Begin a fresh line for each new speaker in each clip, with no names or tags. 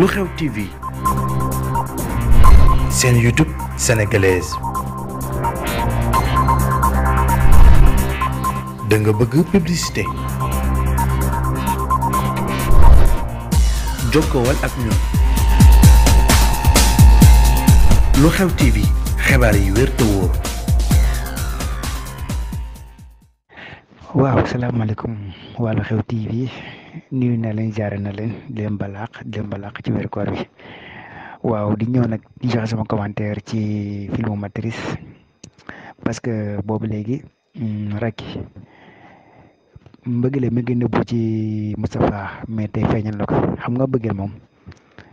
lu xew TV seen YouTube sénégalaise da bëgg publicité jokkowal ak ñun lu xew TV xibaar yi wér te wóor.
waaw salaamaaleykum waa lu xew TV. nuyu na leen jaare na leen di leen balaax di leen balaax ci weeru koor bi waaw di ñëw nag di joxe sama commentaire ci filmu Matrice parce que boobu léegi mm, Racky mbëggeel mi ngi nëbbu ci Moustapha mais tey feeñal na ko xam nga bëggeel moom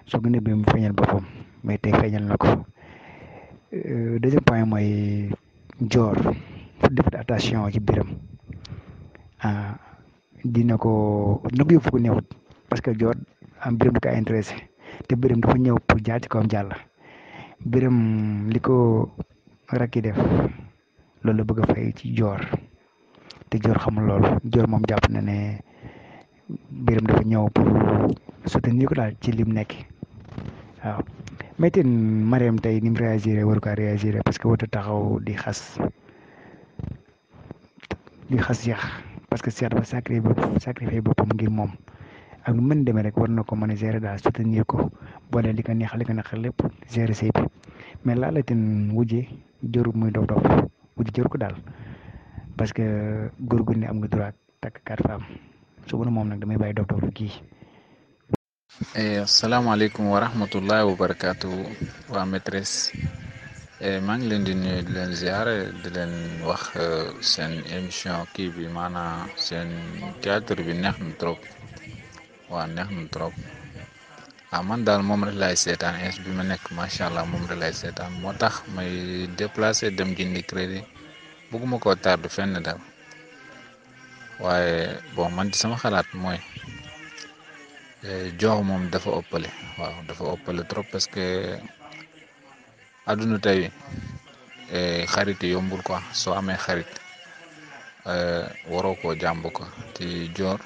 soo ko nëbbee mu feeñal boppam mais tey feeñal na ko euh, deuxième point mooy Dior dafa attention ci biram ah dina ko dina ko yóbbu ko parce que joor am biram du ko intéressé te biram dafa ñëw pour jaar ci kawam jàll biram li ko rakki def loolu la bëgg a fay ci joor te joor xam lool joor moom jàpp na ne biram dafa ñëw pour soutenir ko daal ci lim nekk waaw métti Mariam tey ni mu réagir waru parce que wata taxaw di xas di parce que Cheikh dafa sacrifié boppam sacrifié ngir moom ak lu mën demee rek war na ko mën a gérer daal soutenir ko boole li ko neex li ko neex lépp gérer sëy bi mais laalatin wujje jëru muy dof dof wujje jëru ko daal parce que góor gu ne am nga droit takk quatre femmes suba na moom nag damay bàyyi dof dof kii.
Eh, asalaamaaleykum wa rahmatullahi Eh, maa ngi leen di nuyu di leen ziare di leen wax eh, seen émission kii bi maanaam seen théâtre bi neex na trop waa neex na trop ah man daal moom rek laay seetaan ins bi ma nekk macha allah moom rek laay seetaan moo tax may déplacé dem jëndi crédit bëgguma koo tardu fenn daal waaye bon man ci sama xalaat mooy eh, jox moom dafa ëppale waaw dafa ëppale trop parce que. àdduna tey eh, xarit yi yombul quoi soo amee xarit e waroo koo jàmb ko ci joor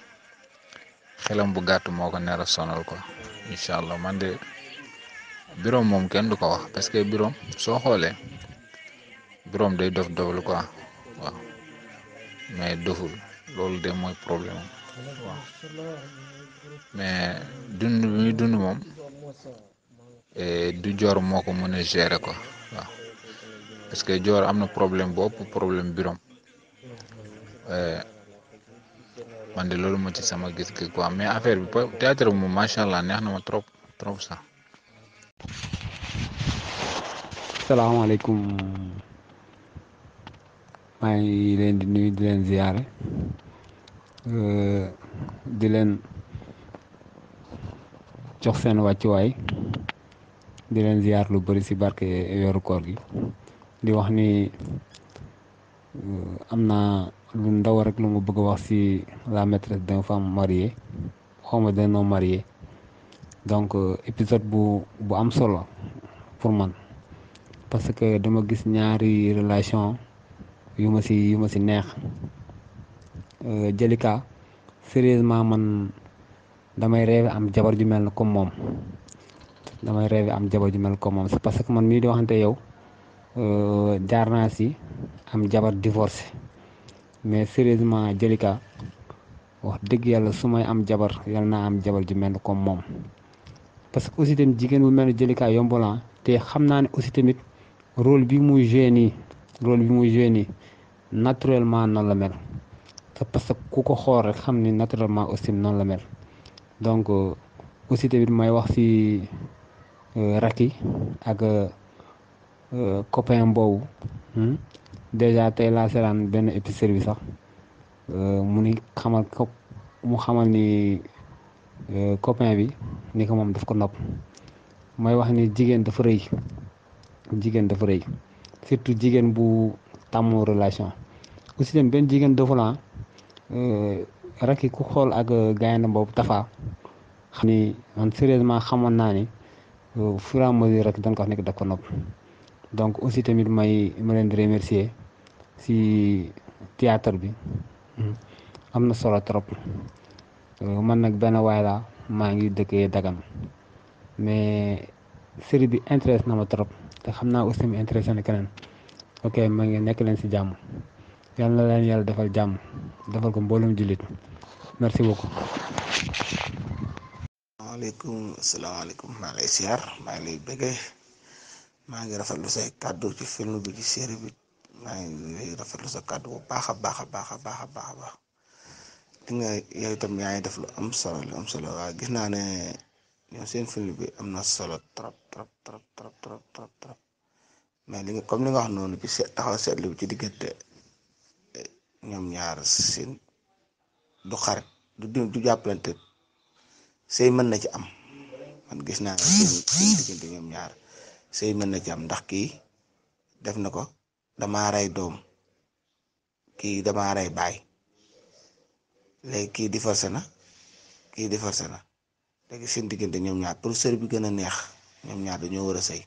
xelam bu gàtt moo ko nar a sonal quoi incha allah man de moom kenn du ko wax parce que biroom soo xoolee biroom day dof doful quoi waaw mais doful loolu de mooy problème waaw mais du joor moo ko mën a gérer ko parce que joor am na problème bopp problème birom man loolu moo ci sama gis ki am mais affaire bi théâtre bi moom macha allah neex na ma trop trop sax.
salaamaaleykum maa ngi leen di nuyu di leen ziyaare euh, di leen jox seen wàccuwaay. di leen lu bëri si barke weeru koor gi di wax ni euh, am na lu ndaw rek lu ma bëgg a wax si la maîtresse d'une femme mariée xaw ma d'un homme marié donc euh, épisode bu bu am solo pour man parce que dama gis ñaari relation yu ma si yu ma si neex euh, Jalika sérieusement man damay rêve am jabar ju mel na comme moom damay rêvé am jabar ju mel ko moom c'est parce que man mii di waxante yow euh, jaar naa si am jabar divorcé mais sérieusement jëlika wax dëgg yàlla su may am jabar yal naa am jabar ju mel comme moom parce que aussi tamit jigéen bu mel ni Jalika yombulan ah, te xam naa ne aussi tamit rôle bi muy joué nii bi muy joué nii naturellement noonu la parce que ku ko xool rek xam ni naturellement aussi noonu la mel donc euh, aussi tamit may wax si Euh, Racky ak euh, copain boobu hmm? déjà tey laa seetaan benn épisode bi sax euh, mu ni xamal ko mu xamal ni copain bi ni ko moom daf ko nopp mooy wax ni jigéen dafa rëy jigéen dafa rëy surtout jigéen bu tàmm relation aussi dem benn jigéen dafa la Racky ku xool ak gaynde boobu Tafa xam ni man sérieusement xamoon naa ni fur et à mesure rek dañ ko wax nekk daf ko nopp donc aussi tamit may ma leen di remercier si théâtre bi hmm. am na solo trop euh, man nag benn waay laa maa ngi dëkkee Dagana mais série bi intéresse na ma trop te xam naa aussi mu intéresse na keneen ok ma ngi nekk leen si jàmm yal na leen yàlla defal jàmm defal ko mboolem jullit merci beaucoup.
asalaamaaleykum asalaamaaleykum maa ngi lay siyaar maa ngi lay bëggee maa ngi rafetlu say kàddu ci film bi ci série bi maa ngi rafetlu sa kàddu bu baax a baax a baax a baax a baax di nga yow itam yaa ngi def lu am solo lu solo waaye gis naa ne ñoom seen film bi am na solo trop trop trop trop trop mais li comme li nga wax noonu ci seet taxaw seetlu ci diggante eh, ñoom ñaar seen du xarit du du jàppalante. sey mën na ci am man gis naa ñaar sëy mën na ci am ndax kii def na ko damaray doom kii damaa rey baay léegi kii di forcé na kii di forcé na léegi seen diggante ñoom ñaar pour sër bi gën a neex ñoom ñaar dañoo war a sey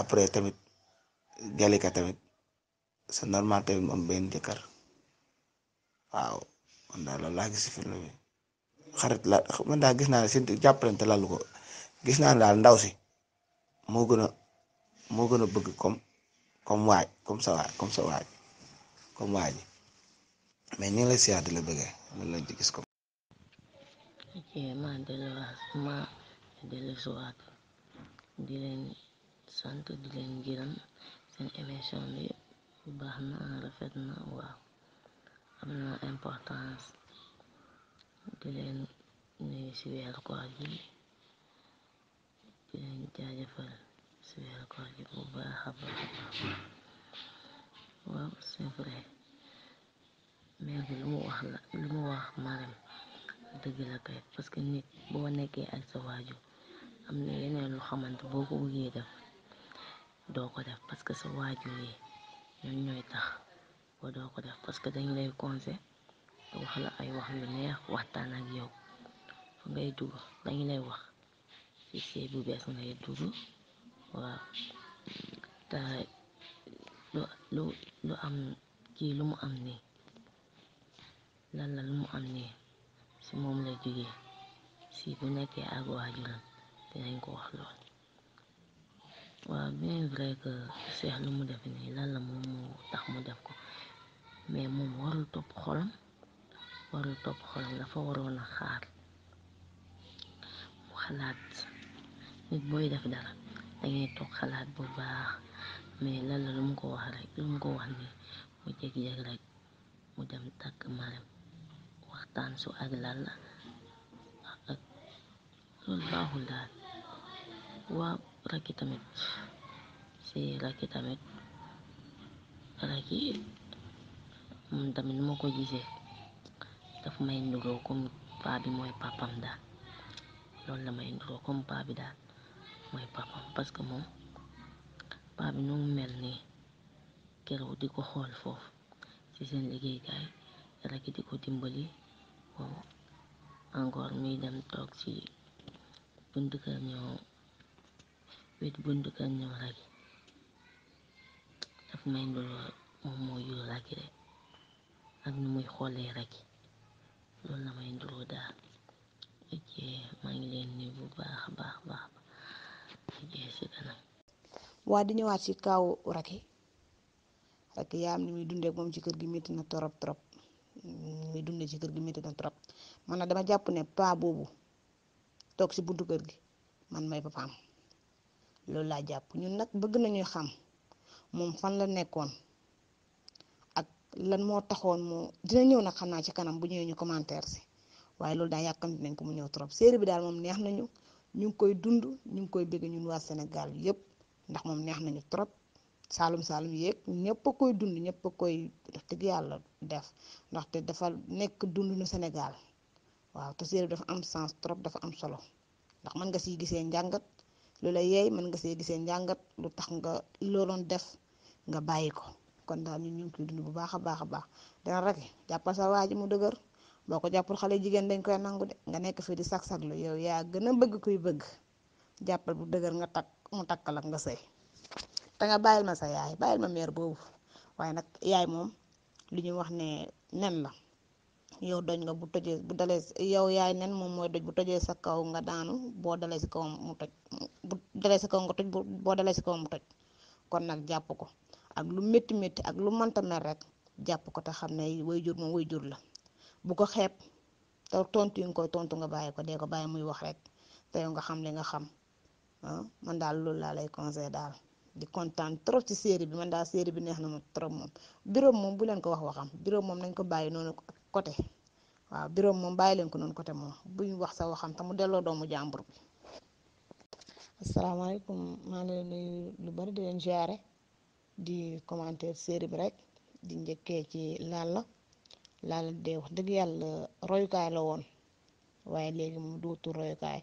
après tamit Jalika tamit c'est normal tamit mu benn jëkkër waaw man daal loolu laa gis si film xarit la man daal gis naa ne seen jàppalante lalu ko gis naa ne daal ndaw si moo gën a moo gën a bëgg comme comme waaj comme sa waaj comme sa waaj comme waaj mais ñu ngi lay siyaat di la bëggee loolu lañ ci gis ko.
ok maa di leen sant di leen gërëm seen émission bi baax na rafet na waaw am na importance. di leen nuyu ci weeru koor gi di leen jaajëfal ci weeru koor gi bu baaxa baaxa waaw c'est vrai meer bi lumu wax la lumu wax Marème dëgg la kay parce que nit boo nekkee ak sa waajur am na yeneen lu xamante boo ko bëggee def doo ko def parce que sa waajur yi ñoom ñooy tax ba doo ko def parce que dañ lay conseil wax la ay wax yu neex waxtaan ak yow fa ngay dugg lañu lay wax ci sey bu bees ngay dugg waaw te lu am ki lu mu am ni lan la lu mu am ni ci moom la jógee ci bu nekkee ak waajuram dinañ ko wax lool waaw bien vrai que seex lu mu def nii lan la moom mu tax mu def ko mais moom warul topp xolam. warul topp xolam dafa waroon a xaar mu xalaat nit booy def dara dangay toog xalaat bu baax mais lan la lu mu ko wax rek lu mu ko wax ni mu jeg-jeg rek mu dem takk marem waxtaan su ak lal la ak loolu baaxul daal waa rakki tamit si rakki tamit rakki moom tamit moo ko gisee daf may nuroo comme paa bi mooy papam daal loolu la may nuroo comme paa bi daal mooy papam parce que moom paa bi nu mel nii keroog di ko xool foofu ci seen liggéeykaay rek di ko dimbali wow encore muy dem toog ci bunt kër ñëw wet bunt kër ñëw rek daf may nuroo moom moo yu rek ak nu muy xoolee rek. loolu lamay nduru daal
waa di ñëwaat si kaw Racky Racky yaam ni muy dundee moom ci kër gi métti na trop trop ni muy dundee ci kër gi métti na trop man na dama jàpp ne paa boobu toog si buntu kër gi man may papaam loolu laa jàpp ñun nag bëgg nañuy xam moom fan la nekkoon lan moo taxoon mu dina ñëw nag xam naa ci kanam bu ñëwee ñu commentaire si waaye loolu daal yàkkamti nañ ko mu ñëw trop série bi daal moom neex nañu ñu ngi koy dund ñu ngi koy bëgg ñun waa Sénégal yëpp ndax moom neex nañu trop saalum saalum yéeg ñëpp koy dund ñëpp a koy def dëgg yàlla def ndaxte dafa nekk dund nu Sénégal waaw te série bi dafa am sens trop dafa am solo ndax mën nga siy gisee njàngat lu la yeey mën nga see gisee njàngat lu tax nga looloon def nga bàyyi ko kon daal ñu ngi koy dund bu baax a baax a baax dana rek jàppal sa waa ji mu dëgër boo ko jàppul xale jigéen dañ koy nangu de nga nekk fii di sag-sag lu yow yaa gën a bëgg kuy bëgg jàppal bu dëgër nga takk mu takk ak nga sëy te nga bàyyil ma sa yaay bàyyil ma mère boobu waaye nag yaay moom li ñu wax ne nen la yow doj nga bu tojee bu dalee yow yaay nen moom mooy doj bu tojee sa kaw nga daanu boo dalee si kawam mu toj bu dalee si kaw nga toj boo dalee si kawam mu toj kon nag jàpp ko ak lu métti métti ak lu manta mel rek jàpp ko te xam ne way jur moom way jur la bu ko xeeb te tontu yi nga koy tontu nga bàyyi ko dee ko bàyyi muy wax rek te yow nga xam li nga xam ah, man daal loolu laa lay conseil daal di kontaan trop ci série bi man daal série bi neex na ma trop moom biroom moom bu leen ko wax waxam biroom moom nañ ko bàyyi noonu ko côté waaw biroom moom bàyyi leen ko noonu côté moom buñ wax sa waxam te mu delloo doomu jàmbur bi asalaamaaleykum maa ngi lu bari di leen ziare di commenter série bi rek di njëkkee ci Lalla Lalla de wax dëgg yàlla royukaay la woon waaye léegi moom dootul royukaay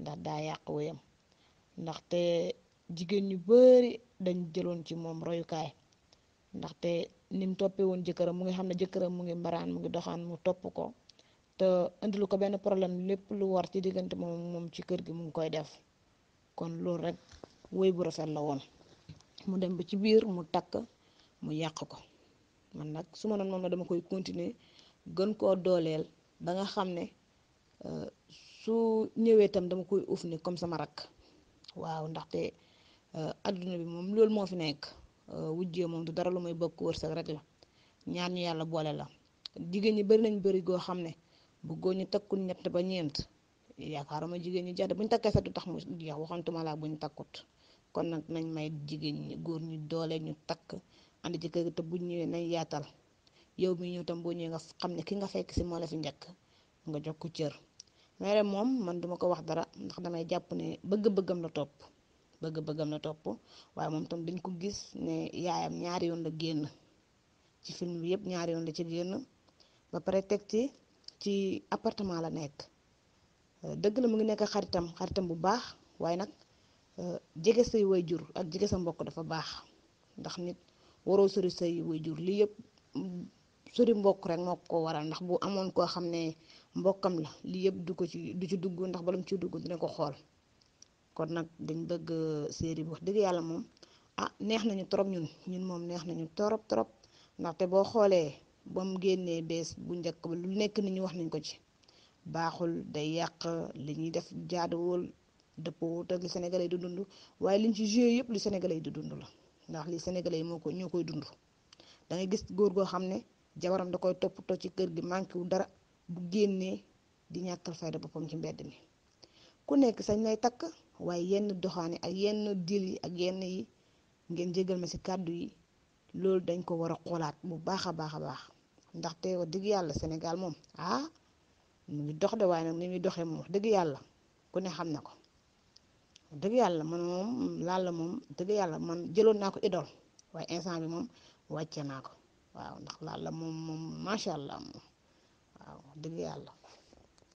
ndax daa yàq wéyam ndaxte jigéen ñu bari dañ jëloon ci moom royukaay ndaxte ni mu toppee woon jëkkëram mu ngi xam ne jëkkëram mu ngi mbaraan mu ngi doxaan mu topp ko te indilu ko benn problème lépp lu war ci diggante moom moom ci kër gi mu ngi koy def kon loolu rek woy bu rafet la woon mu dem ba ci biir mu takk mu yàq ko man nag su ma noon moom la dama koy continuer gën koo dooleel ba nga xam ne euh, su ñëwee tam dama koy uuf ni comme sama rakk waaw ndaxte euh, adduna bi moom loolu moo fi nekk euh, wujjee moom du dara lu may bokk wërsëg rek la ñaan ñu yàlla boole la jigéen ñi bari nañ bari goo xam ne bu góor ñi takkul ñett ba ñeent yaakaaruma jigéen ñi jax de bu ñu takkee sax du tax mu jeex waxantuma laa bu ñu takkut kon nag nañ may jigéen ñi góor ñi doole ñu takk ànd ci kër te bu ñëwee nañ yaatal yow mi ñëw tam boo ñëwee nga xam ne ki nga fekk si moo la fi njëkk nga jox ko cër mais moom man duma ko wax dara ndax damay jàpp ne bëgg-bëggam na topp bëgg-bëggam na topp waaye moom tam dañ ko gis ne yaayam ñaari yoon la génn ci film bi yëpp ñaari yoon la ci génn ba pare teg ci ci appartement la nekk dëgg la mu ngi nekk xaritam xaritam bu baax waaye nag Euh, jege say jur ak jege sa mbokk dafa baax ndax nit waroo sori say jur lii yëpp sori mbokk rek moo ko waral ndax bu amoon koo xam ne mbokkam la lii yëpp du ko ci du ci dugg ndax balam ci dugg dina ko xool kon nag dañ bëgg euh, série bi wax dëgg yàlla moom ah neex nañu torop ñun ñun moom neex nañu torop torop ndaxte boo xoolee ba génnee bees bu njëkk ba lu nekk ni ñu wax nañ ko ci baaxul day yàq li ñuy def jaaduwul dëppoo ak li Sénégalais yi di dund waaye liñ ci joué yëpp lu Sénégalais yi di dund la ndax li Sénégalais yi moo ko ñoo koy dund da gis góor goo xam ne jabaram da koy toppatoo ci kër gi manqué wu dara bu génnee di ñàkkal fayda boppam ci mbedd mi ku nekk sañ lay takk waaye yenn doxaan yi ak yenn dil yi ak yenn yi ngeen jégal ma ci kàddu yi loolu dañ ko war a xoolaat bu baax a baax a baax ndaxte wax dëgg yàlla senegal moom ah mu ngi dox de waaye nag ni muy doxee dëgg yàlla ku ne xam na ko dëgg yàlla man moom Lalla moom dëgg yàlla man jëloon naa ko idole waaye instant bi moom wàcce naa ko waaw ndax Lalla moom moom macha allah moom waaw dëgg yàlla.